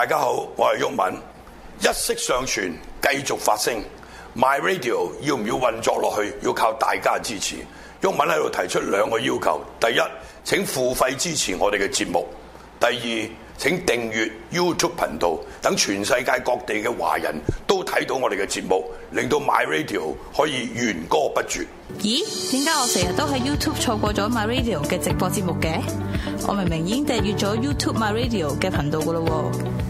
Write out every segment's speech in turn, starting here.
大家好，我係毓民，一息尚存，繼續發聲。My Radio 要唔要運作落去？要靠大家支持。毓民喺度提出兩個要求：第一，請付費支持我哋嘅節目；第二，請訂閱 YouTube 頻道，等全世界各地嘅華人都睇到我哋嘅節目，令到 My Radio 可以源歌不絕。咦？點解我成日都喺 YouTube 錯過咗 My Radio 嘅直播節目嘅？我明明已經訂閱咗 YouTube My Radio 嘅頻道噶啦喎。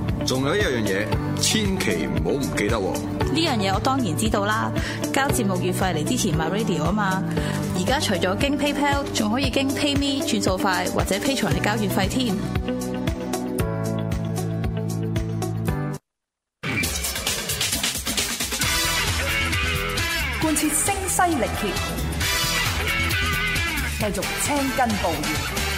仲有一樣嘢，千祈唔好唔記得喎！呢樣嘢我當然知道啦，交節目月費嚟之前買 radio 啊嘛，而家除咗經 PayPal，仲可以經 PayMe 轉數快或者 Pay 財嚟交月費添。貫徹聲西力竭，繼續青筋暴現。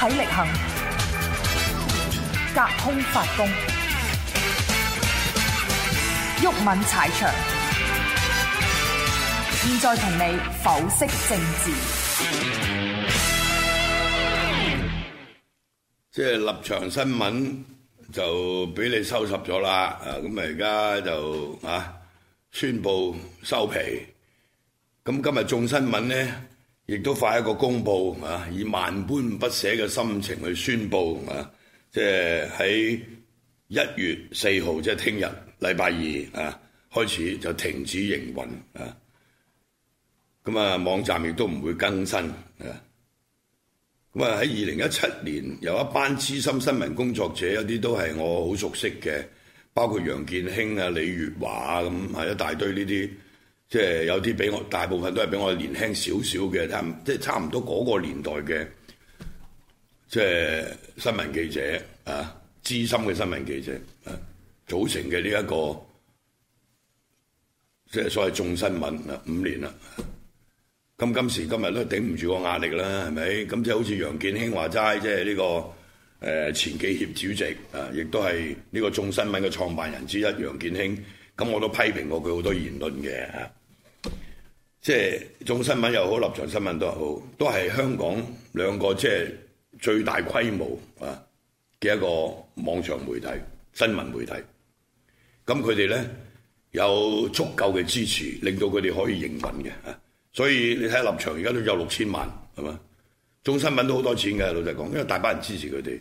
體力行，隔空發功，毓民踩場。現在同你剖析政治，即係立場新聞就俾你收拾咗啦。咁啊，而家就啊，宣布收皮。咁今日眾新聞咧？亦都發一個公佈啊！以萬般不捨嘅心情去宣佈啊，即係喺一月四號，即係聽日禮拜二啊，開始就停止營運啊。咁啊，網站亦都唔會更新啊。咁啊，喺二零一七年，有一班資深新聞工作者，一啲都係我好熟悉嘅，包括楊健興啊、李月華啊咁，係一大堆呢啲。即係有啲比我，大部分都係比我年輕少少嘅，即係差唔多嗰個年代嘅，即係新聞記者啊，資深嘅新聞記者啊，組成嘅呢一個即係所謂眾新聞啊，五年啦，咁今時今日都頂唔住個壓力啦，係咪？咁即係好似楊建興話齋，即係呢個誒前記協主席啊，亦都係呢個眾新聞嘅創辦人之一楊建興，咁我都批評過佢好多言論嘅啊。即係眾新聞又好，立場新聞都好，都係香港兩個即係、就是、最大規模啊嘅一個網上媒體新聞媒體。咁佢哋咧有足夠嘅支持，令到佢哋可以營運嘅。所以你睇下立場而家都有六千萬，係嘛？眾新聞都好多錢嘅。老實講，因為大把人支持佢哋。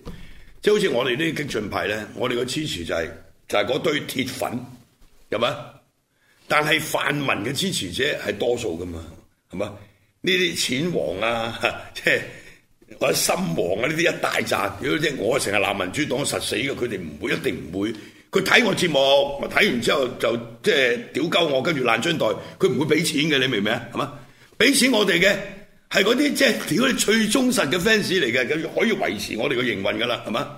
即、就、係、是、好似我哋呢啲激進派咧，我哋嘅支持就係、是、就係、是、嗰堆鐵粉，有冇？但係泛民嘅支持者係多數噶嘛，係嘛？呢啲淺王啊，即係我深黃啊，呢啲一大扎。如果即係我成日鬧民主黨實死嘅，佢哋唔會一定唔會。佢睇我節目，睇完之後就即係屌鳩我，跟住爛張袋，佢唔會俾錢嘅。你明唔明啊？係嘛？俾錢我哋嘅係嗰啲即係屌你最忠實嘅 fans 嚟嘅，可以維持我哋嘅營運㗎啦，係嘛？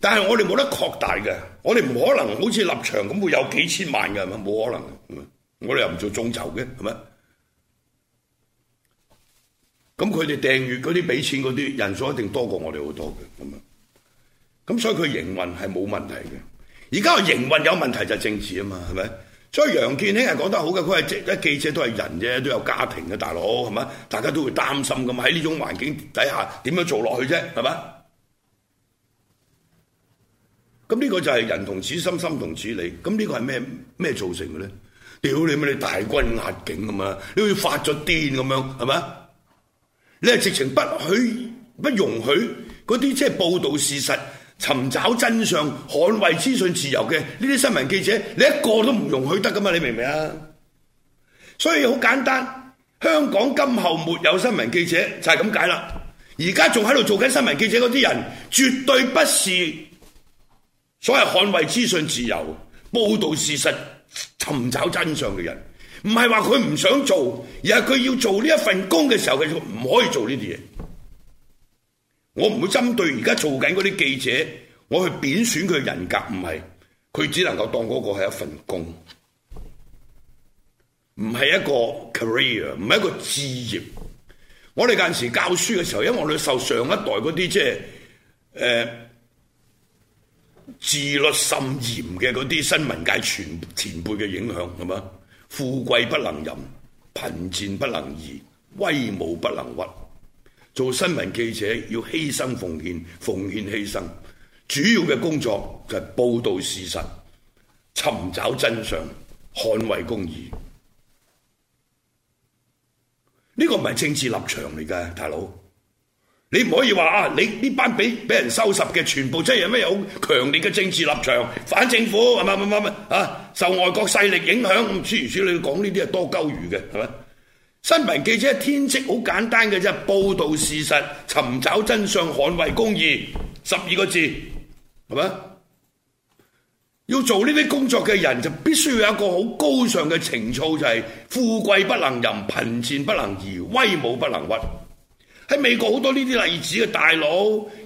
但係我哋冇得擴大嘅，我哋唔可能好似立場咁會有幾千萬嘅，係咪？冇可能。我哋又唔做眾籌嘅，係咪？咁佢哋訂閱嗰啲俾錢嗰啲人數一定多過我哋好多嘅，咁樣。咁所以佢營運係冇問題嘅。而家營運有問題就係政治啊嘛，係咪？所以楊建興係講得好嘅，佢係一記者都係人啫，都有家庭嘅大佬係咪？大家都會擔心㗎嘛，喺呢種環境底下點樣做落去啫，係咪？咁呢個就係人同此心，心同此理。咁、這、呢個係咩咩造成嘅咧？屌你咪你大軍壓境咁嘛？你要發咗癲咁樣係咪？你係直情不許不容許嗰啲即係報導事實、尋找真相、捍衛資訊自由嘅呢啲新聞記者，你一個都唔容許得噶嘛？你明唔明啊？所以好簡單，香港今後沒有新聞記者就係咁解啦。而家仲喺度做緊新聞記者嗰啲人，絕對不是。所謂捍衛資訊自由、報道事實、尋找真相嘅人，唔係話佢唔想做，而係佢要做呢一份工嘅時候，佢就唔可以做呢啲嘢。我唔會針對而家做緊嗰啲記者，我去貶損佢嘅人格，唔係佢只能夠當嗰個係一份工，唔係一個 career，唔係一個事業。我哋嗰陣時教書嘅時候，因為我哋受上一代嗰啲即係誒。呃自律甚嚴嘅嗰啲新聞界前前輩嘅影響，係咪啊？富貴不能淫，貧賤不能移，威武不能屈。做新聞記者要犧牲奉獻，奉獻犧牲，主要嘅工作就係報道事實，尋找真相，捍衛公義。呢個唔係政治立場嚟噶，大佬。你唔可以話啊！你呢班俾俾人收拾嘅，全部即係有咩好強烈嘅政治立場，反政府係咪？啊，受外國勢力影響，諸如此類你講呢啲係多鳩餘嘅係咪？新聞記者天職好簡單嘅啫，報道事實、尋找真相、捍衛公義，十二個字係咪？要做呢啲工作嘅人就必須要有一個好高尚嘅情操，就係富貴不能淫，貧賤不能移，威武不能屈。喺美國好多呢啲例子嘅大佬，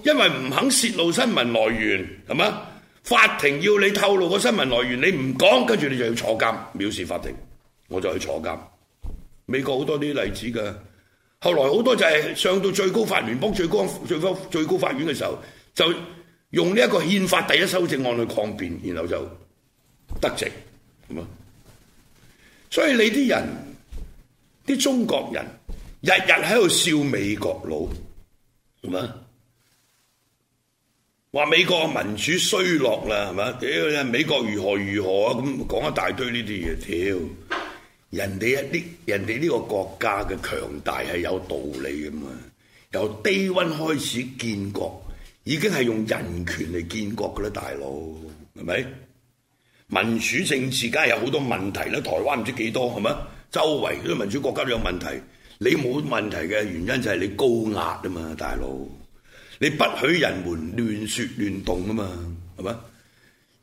因為唔肯泄露新聞來源，係嘛？法庭要你透露個新聞來源，你唔講，跟住你就要坐監藐視法庭，我就去坐監。美國好多呢啲例子㗎。後來好多就係上到最高法，聯邦最高最高最高法院嘅時候，就用呢一個憲法第一修正案去抗辯，然後就得直。係嘛？所以你啲人，啲中國人。日日喺度笑美國佬，係嘛？話美國民主衰落啦，係嘛？屌，美國如何如何啊？咁講一大堆呢啲嘢，屌！人哋一啲人哋呢個國家嘅強大係有道理嘅嘛？由 Day One 開始建國，已經係用人權嚟建國嘅啦，大佬係咪？民主政治梗係有好多問題啦，台灣唔知幾多，係嘛？周圍啲民主國家都有問題。你冇問題嘅原因就係你高壓啊嘛，大佬！你不許人們亂說亂動啊嘛，係嘛？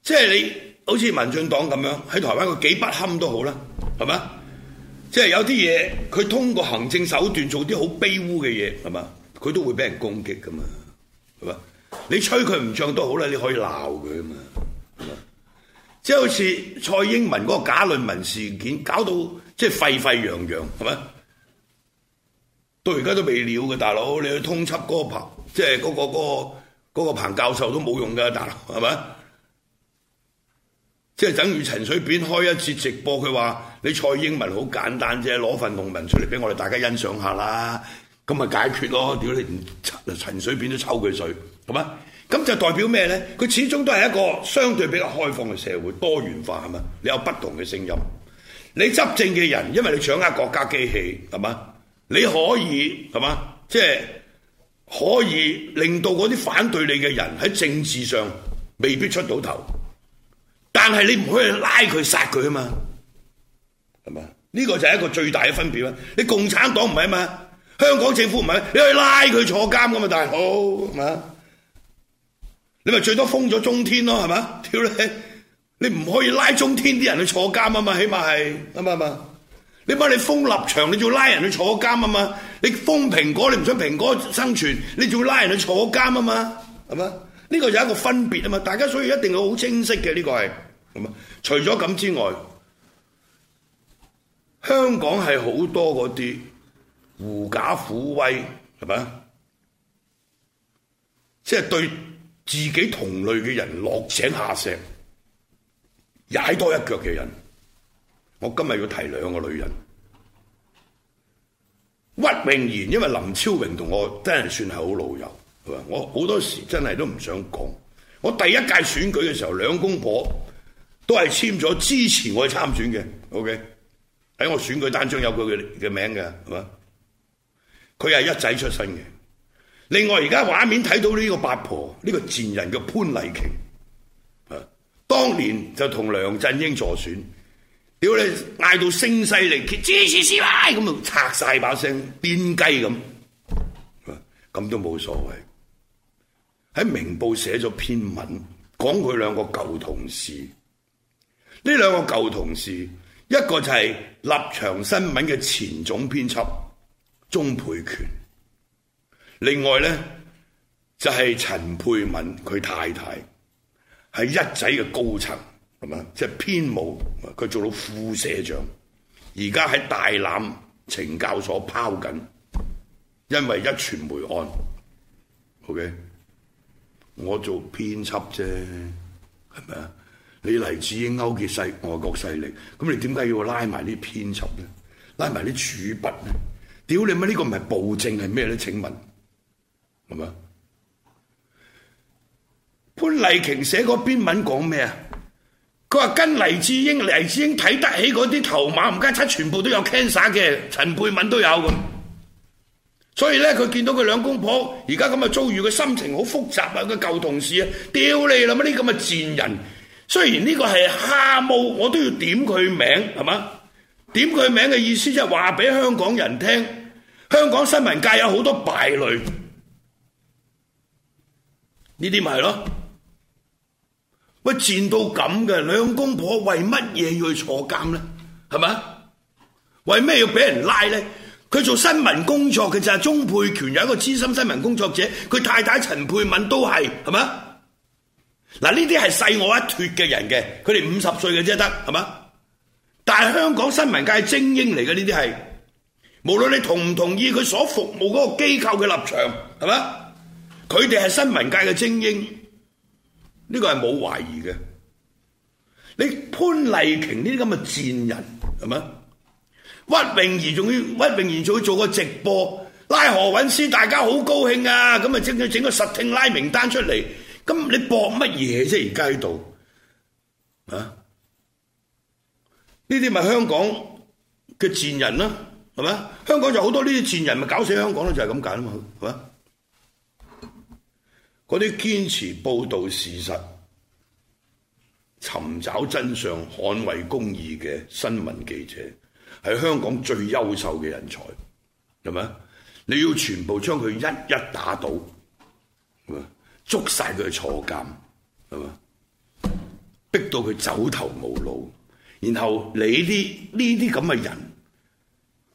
即係你好似民進黨咁樣喺台灣，佢幾不堪都好啦，係嘛？即係有啲嘢佢通過行政手段做啲好卑污嘅嘢，係嘛？佢都會俾人攻擊噶嘛，係嘛？你吹佢唔脹都好啦，你可以鬧佢啊嘛，係嘛？即係好似蔡英文嗰個假論文事件，搞到即係沸沸揚揚，係嘛？到而家都未了嘅，大佬，你去通緝嗰、嗰個彭，即係嗰個嗰、嗰個嗰個、彭教授都冇用嘅，大佬係咪？即係、即係、等於陳水扁開一次直播，佢話你蔡英文好簡單啫，攞份農民出嚟俾我哋大家欣賞一下啦，咁咪解決咯？屌你，陳水扁都抽佢水，係嘛？咁就代表咩咧？佢始終都係一個相對比較開放嘅社會，多元化係嘛？你有不同嘅聲音，你執政嘅人因為你掌握國家機器係嘛？是你可以係嘛？即係可以令到嗰啲反對你嘅人喺政治上未必出到頭，但係你唔可以拉佢殺佢啊嘛？係嘛？呢個就係一個最大嘅分別啦，你共產黨唔係嘛？香港政府唔係，你可以拉佢坐監噶嘛，大佬係嘛？你咪最多封咗中天咯，係嘛？屌你！你唔可以拉中天啲人去坐監啊嘛，起碼係啱唔啱？是你把你封立場，你就要拉人去坐監啊嘛？你封蘋果，你唔想蘋果生存，你就要拉人去坐監啊嘛？係嘛？呢個有一個分別啊嘛，大家所以一定要好清晰嘅呢個係咁啊。除咗咁之外，香港係好多嗰啲狐假虎威，係嘛？即係對自己同類嘅人落井下石，踩多一腳嘅人。我今日要提兩個女人，屈穎妍，因為林超榮同我真係算係好老友，佢話我好多時真係都唔想講。我第一屆選舉嘅時候，兩公婆都係簽咗支持我去參選嘅。OK，喺我選舉單張有佢嘅嘅名嘅，係嘛？佢係一仔出身嘅。另外，而家畫面睇到呢個八婆，呢、這個賤人嘅潘麗瓊，啊，當年就同梁振英助選。屌你嗌到聲嘶力竭，支持師奶咁就拆晒把聲，癲雞咁，咁都冇所謂。喺明報寫咗篇文，講佢兩個舊同事，呢兩個舊同事，一個就係立場新聞嘅前總編輯鍾培權，另外咧就係陳佩敏佢太太，係一仔嘅高層。係咪即係編務，佢做到副社長，而家喺大欖懲教所拋緊，因為一傳媒案。O、okay? K，我做編輯啫，係咪啊？你黎智英勾結世外國勢力，咁你點解要拉埋啲編輯咧？拉埋啲主筆咧？屌你媽呢個唔係暴政係咩咧？請問，係咪啊？潘麗瓊寫個篇文講咩啊？佢話跟黎智英，黎智英睇得起嗰啲頭馬，冚家鏟全部都有 cancer 嘅，陳佩敏都有咁。所以咧，佢見到佢兩公婆而家咁嘅遭遇，佢心情好複雜啊！個舊同事啊，屌你啦！乜啲咁嘅賤人，雖然呢個係蝦毛，我都要點佢名，係嘛？點佢名嘅意思即係話俾香港人聽，香港新聞界有好多敗類，呢啲咪係咯？喂，賤到咁嘅兩公婆為乜嘢要去坐監咧？係嘛？為咩要俾人拉咧？佢做新聞工作嘅，就係鍾佩權，有一個資深新聞工作者，佢太太陳佩敏都係，係嘛？嗱，呢啲係細我一脫嘅人嘅，佢哋五十歲嘅啫得，係嘛？但係香港新聞界精英嚟嘅呢啲係，無論你同唔同意佢所服務嗰個機構嘅立場，係嘛？佢哋係新聞界嘅精英。呢個係冇懷疑嘅。你潘麗瓊呢啲咁嘅賤人係咪？屈穎妍仲要屈穎妍仲要做個直播拉何韻詩，大家好高興啊！咁咪整個整個實聽拉名單出嚟。咁你博乜嘢啫？而家喺度啊？呢啲咪香港嘅賤人啦，係咪啊？香港就好多呢啲賤人，咪搞死香港咯，就係咁解啊嘛，係咪啊？嗰啲堅持報導事實、尋找真相、捍衛公義嘅新聞記者，係香港最優秀嘅人才，係咪啊？你要全部將佢一一打倒，係咪？捉晒佢坐監，係咪？逼到佢走投無路，然後你啲呢啲咁嘅人，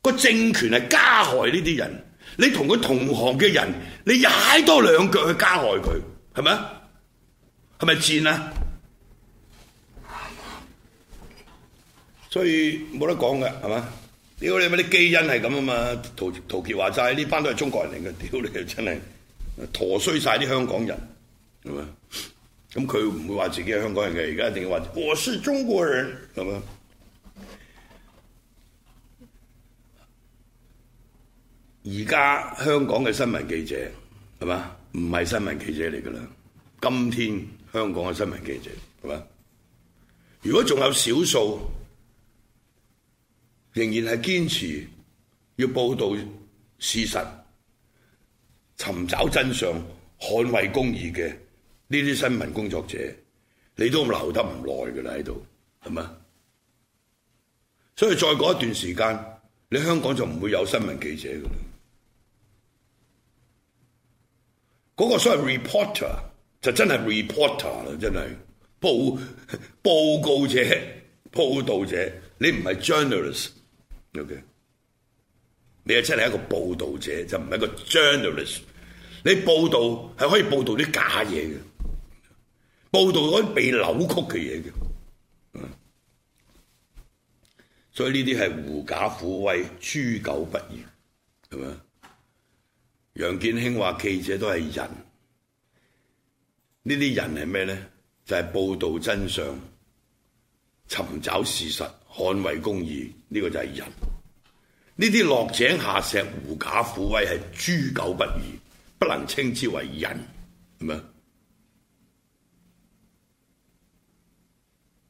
個政權係加害呢啲人。你同佢同行嘅人，你踩多兩腳去加害佢，係咪啊？係咪賤啊？所以冇得講㗎，係嘛？屌你乜啲基因係咁啊嘛？陶陶傑話齋呢班都係中國人嚟嘅，屌你真係陀衰晒啲香港人，係嘛？咁佢唔會話自己係香港人嘅，而家一定要話我是中國人，係嘛？而家香港嘅新聞記者係嘛？唔係新聞記者嚟噶啦。今天香港嘅新聞記者係嘛？如果仲有少數仍然係堅持要報導事實、尋找真相、捍衛公義嘅呢啲新聞工作者，你都留得唔耐噶啦喺度係嘛？所以再過一段時間，你香港就唔會有新聞記者噶啦。嗰個所謂 reporter 就真係 reporter 啦，真係報告者、報道者，你唔係 journalist，OK？Okay? 你係真係一個報道者，就唔係一個 journalist。你報道係可以報道啲假嘢嘅，報道可以被扭曲嘅嘢嘅，所以呢啲係狐假虎威、豬狗不如。係咪啊？楊建興話：記者都係人，呢啲人係咩呢？就係報道真相、尋找事實、捍衛公義，呢個就係人。呢啲落井下石、狐假虎威係豬狗不如，不能稱之為人，係咪？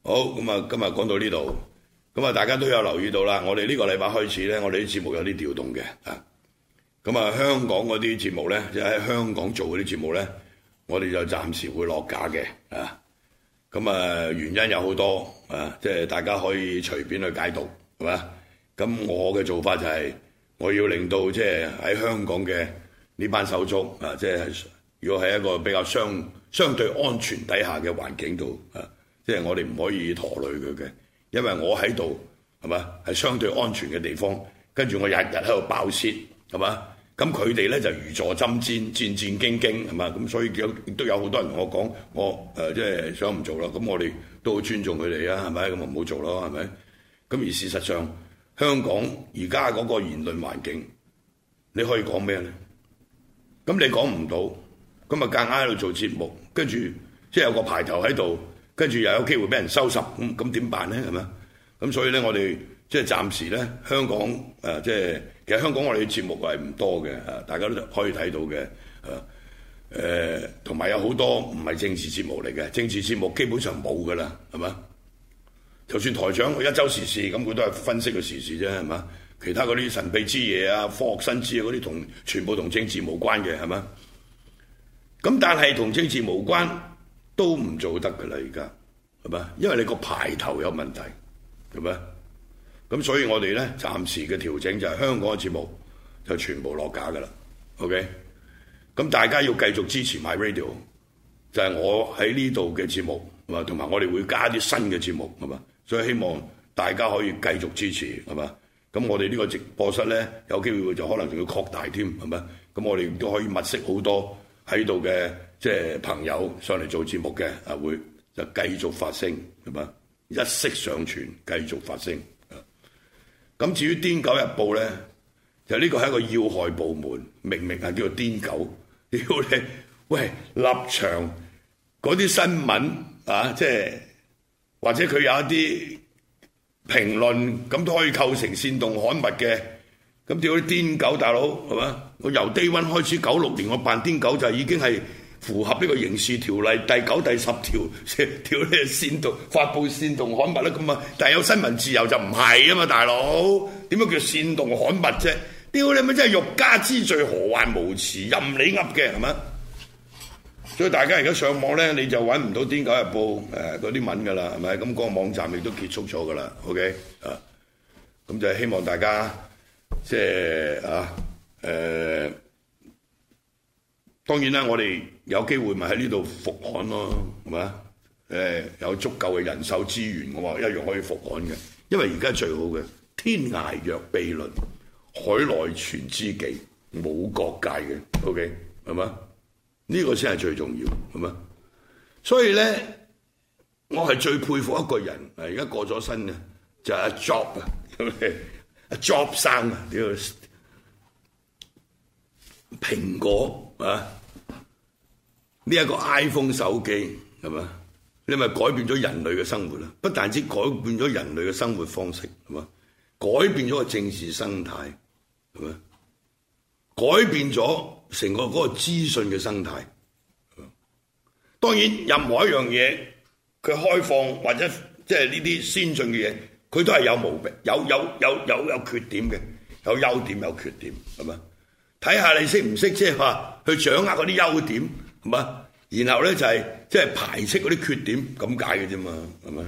好，咁今日講到呢度，咁大家都有留意到啦，我哋呢個禮拜開始，我哋啲節目有啲調動嘅咁啊，香港嗰啲節目呢，就喺香港做嗰啲節目呢，我哋就暫時會落架嘅啊。咁啊，原因有好多啊，即係大家可以隨便去解讀，係嘛？咁我嘅做法就係、是、我要令到即係喺香港嘅呢班手足啊，即係如果喺一個比較相相對安全底下嘅環境度啊，即係我哋唔可以拖累佢嘅，因為我喺度係嘛，係相對安全嘅地方，跟住我日日喺度爆泄，係嘛。咁佢哋咧就如坐針氈，戰戰兢兢係嘛？咁所以有亦都有好多人同我講我誒即係想唔做啦。咁我哋都尊重佢哋啊，係咪？咁就唔好做咯，係咪？咁而事實上，香港而家嗰個言論環境，你可以講咩咧？咁你講唔到，咁啊夾硬喺度做節目，跟住即係有個排頭喺度，跟住又有機會俾人收拾，咁咁點辦咧？係咪？咁所以咧，我哋即係暫時咧，香港誒即係。呃就是其實香港我哋嘅節目係唔多嘅，啊，大家都可以睇到嘅，啊、呃，誒，同埋有好多唔係政治節目嚟嘅，政治節目基本上冇噶啦，係嘛？就算台長佢一周時事，咁佢都係分析個時事啫，係嘛？其他嗰啲神秘之嘢啊、科學新知啊嗰啲，同全部同政治無關嘅，係嘛？咁但係同政治無關都唔做得㗎啦，而家係嘛？因為你個牌頭有問題，係咪？咁所以我呢，我哋咧暫時嘅調整就係香港嘅節目就全部落架㗎啦。OK，咁大家要繼續支持 MyRadio，就係我喺呢度嘅節目同埋我哋會加啲新嘅節目係嘛？所以希望大家可以繼續支持係嘛？咁我哋呢個直播室咧有機會就可能仲要擴大添係咪？咁我哋都可以物色好多喺度嘅即係朋友上嚟做節目嘅啊，會就繼續發聲係嘛，一息尚存繼續發聲。咁至於《癲狗日報》咧，就呢個係一個要害部門，明明係叫做癲狗，屌你！喂、哎，立場嗰啲新聞啊，即係或者佢有一啲評論，咁都可以構成煽動刊物嘅。咁叫啲癲狗大佬係嘛？我由低溫開始96，九六年我辦「癲狗就是、已經係。符合呢個刑事條例第九、第十條條呢，煽動、發布煽動刊物啦。咁啊，但係有新聞自由就唔係啊嘛，大佬點解叫煽動刊物啫？屌你咪真係欲加之罪，何患無辭？任你噏嘅係咪？所以大家而家上網咧，你就揾唔到《癲狗日報》誒嗰啲文㗎啦，係咪？咁、嗰個網站亦都結束咗㗎啦。OK 啊，咁就希望大家即係啊誒，當然啦，我哋。有機會咪喺呢度復刊咯，係咪啊？有足夠嘅人手資源嘅話，一樣可以復刊嘅。因為而家最好嘅，天涯若比鄰，海內存知己，冇國界嘅。OK 係嗎？呢、呢個先係最重要，係嗎？所以咧，我係最佩服一個人，而家過咗身嘅就阿、是、 Job 啊，阿 Job 生啊，呢個，蘋果啊！呢一個 iPhone 手機係嘛？你咪改變咗人類嘅生活啦！不但止改變咗人類嘅生活方式係嘛，改變咗個政治生態係嘛，改變咗成個嗰個資訊嘅生態。當然任何一樣嘢，佢開放或者即係呢啲先進嘅嘢，佢都係有毛病，有有有有有缺點嘅，有優點有缺點係嘛？睇下你識唔識即係話去掌握嗰啲優點。係嘛，然後咧就係即係排斥嗰啲缺點咁解嘅啫嘛，係咪？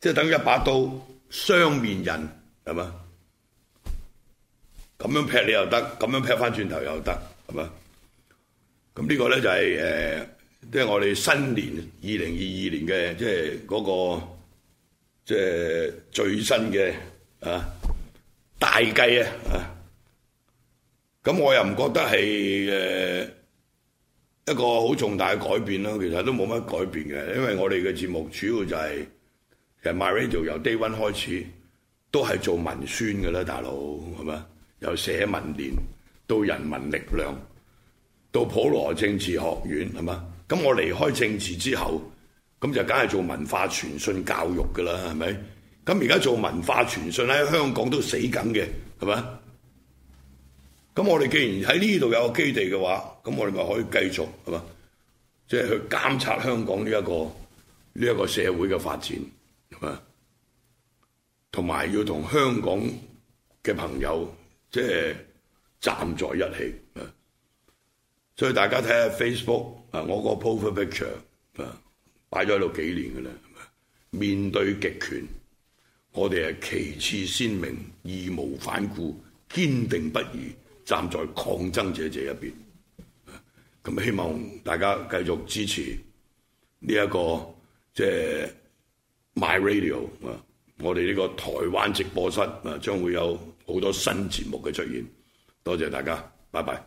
即係等於一把刀雙面刃，係嘛？咁樣劈你又得，咁樣劈翻轉頭又得，係嘛？咁呢個咧就係誒，即係我哋新年二零二二年嘅即係嗰個即係最新嘅啊大計啊！咁我又唔覺得係誒。呃一個好重大嘅改變啦，其實都冇乜改變嘅，因為我哋嘅節目主要就係、是、其實 My Radio 由 Day One 開始，都係做文宣嘅啦，大佬係咪？由社民連到人民力量，到普羅政治學院係咪？咁我離開政治之後，咁就梗係做文化傳信教育嘅啦，係咪？咁而家做文化傳信，喺香港都死緊嘅，係咪？咁我哋既然喺呢度有個基地嘅話，咁我哋咪可以繼續係嘛，即係去監察香港呢一個呢一個社會嘅發展係嘛，同埋要同香港嘅朋友即係站在一起。所以大家睇下 Facebook 啊，我個 profile picture 啊擺咗喺度幾年㗎啦。面對極權，我哋係旗幟鮮明、義無反顧、堅定不移。站在抗爭者這一邊，咁希望大家繼續支持呢、這、一個即係、就是、My Radio 啊！我哋呢個台灣直播室啊，將會有好多新節目嘅出現。多謝大家，拜拜。